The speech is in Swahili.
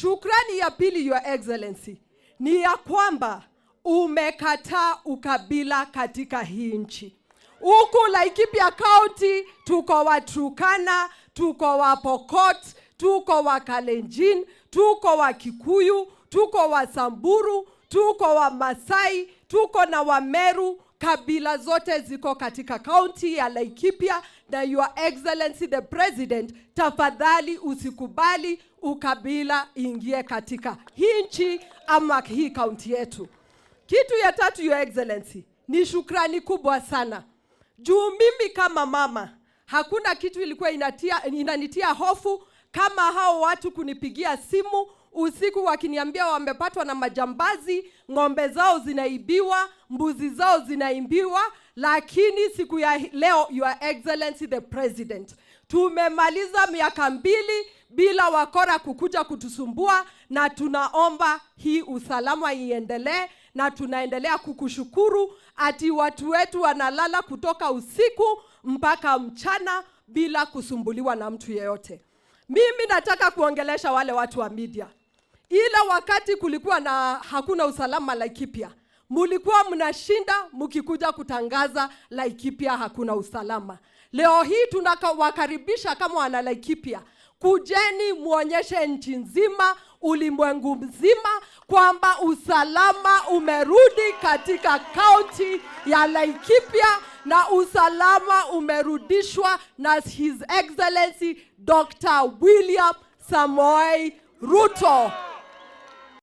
Shukrani ya pili, Your Excellency, ni ya kwamba umekataa ukabila katika hii nchi. Huku Laikipia County tuko Waturkana, tuko Wapokot, tuko Kalenjin, tuko wa Kikuyu, tuko Wasamburu, tuko wa masai tuko na Wameru kabila zote ziko katika kaunti ya Laikipia, na Your Excellency the President, tafadhali usikubali ukabila ingie katika hii nchi ama hii kaunti yetu. Kitu ya tatu, Your Excellency, ni shukrani kubwa sana juu mimi kama mama, hakuna kitu ilikuwa inatia, inanitia hofu kama hao watu kunipigia simu usiku wakiniambia wamepatwa na majambazi, ng'ombe zao zinaibiwa, mbuzi zao zinaibiwa. Lakini siku ya leo, Your Excellency the President, tumemaliza miaka mbili bila wakora kukuja kutusumbua, na tunaomba hii usalama iendelee, na tunaendelea kukushukuru ati watu wetu wanalala kutoka usiku mpaka mchana bila kusumbuliwa na mtu yeyote. Mimi nataka kuongelesha wale watu wa media, ila wakati kulikuwa na hakuna usalama Laikipia, mulikuwa mnashinda mkikuja kutangaza Laikipia hakuna usalama. Leo hii tunawakaribisha kama wana Laikipia, kujeni muonyeshe nchi nzima, ulimwengu mzima kwamba usalama umerudi katika kaunti ya Laikipia na usalama umerudishwa na His Excellency Dr. William Samoei Ruto.